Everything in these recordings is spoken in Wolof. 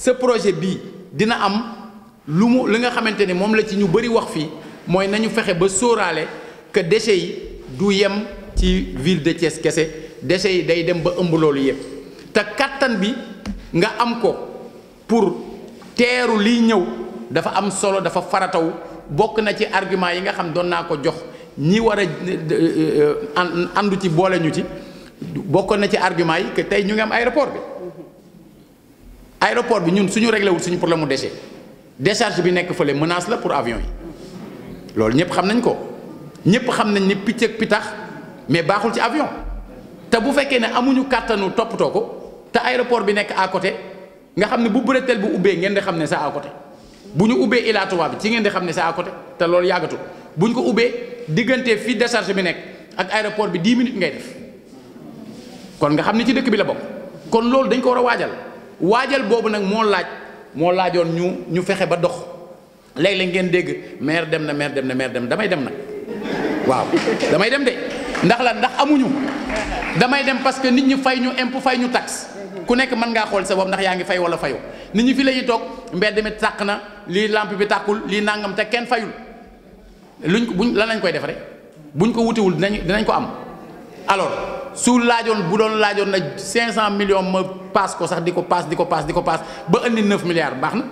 ce projet bii dina am lu mu li nga xamante ni moom la ci ñu bëri wax fii mooy nañu fexe ba sóoraale que déchets yi du yem ci ville de Thiès kese déchets yi day dem ba ëmb loolu yëpp te kattan bi nga am ko pour teeru liy ñëw dafa am solo dafa farataw bokk na ci argument yi nga xam doon naa ko jox ñi war a àndu euh, euh, ci boole ñu ci bokk na ci argument yi que tey ñu ngi am aéroport bi aéroport bi ñun suñu réglé wul suñu problème mu déchet décharge bi nekk fële menace la pour avion yi loolu ñëpp xam nañ ko ñëpp xam nañ ni picc ak pitax mais baaxul ci avion te bu fekkee ne amuñu kàttanu toppatoo ko te aéroport bi nekk à côté nga xam ne bu bëreetel bu ubbee ngeen di xam ne sa à côté bu ñu ubbee Ila Touba bi ci ngeen di xam ne sa à côté te loolu yàggatul bu ko ubbee diggante fii décharge bi nekk ak aéroport bi 10 minutes ngay def kon nga xam ne ci dëkk bi la bokk kon loolu dañ ko war a waajal. waajal boobu nag moo laaj moo laajoon ñu ñu fexe ba dox léeg-léeg ngeen dégg maire dem na maire dem na maire dem damay dem nag waaw damay dem de ndax la ndax amuñu damay dem parce que nit ñi fay ñu impôt fay ñu taxe ku nekk mën ngaa xool sa bopp ndax yaa ngi fay wala fayu nit ñi fi la ñuy toog mbedd mi tàq na lii làmp bi tàkkul lii nàngam te kenn fayul luñ ko buñ lan lañ koy defaree buñ ko wutiwul dinañ dinañ ko am. alors su laajoon bu doon laajoon na 500 millions ma paas ko sax di ko paas di ko paas di ko paas ba indi 9 milliards baax na.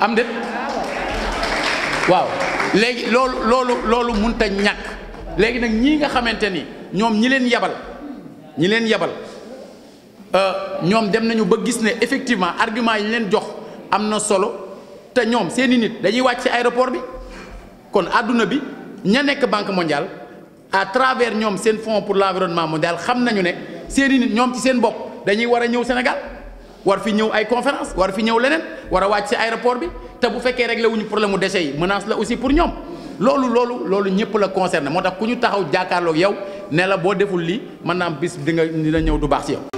am déet waaw léegi loolu loolu loolu mënut a ñàkk léegi nag ñii nga xamante ni ñoom ñi leen yabal ñi leen yebal euh, ñoom dem nañu ba gis ne effectivement argument yi ñu leen jox am na solo te ñoom seeni nit dañuy wàcc ci aéroport bi kon àdduna bi ña nekk banque mondiale. à travers ñom seen fonds pour l'environnement mondial xamnañu né séri ñom ci seen bok dañuy wara ñëw Sénégal war fi ñëw ay conférence war fi ñëw lenen war wacc ci aéroport bi té bu féké réglé wuñu problème mu déchets yi menace la aussi pour ñom lolu lolu lolu ñëpp la concerné motax kuñu ku ñu taxaw jàkkaarloog yow né la bo déful li mën naa bis di nga dina ñëw du baax ci yow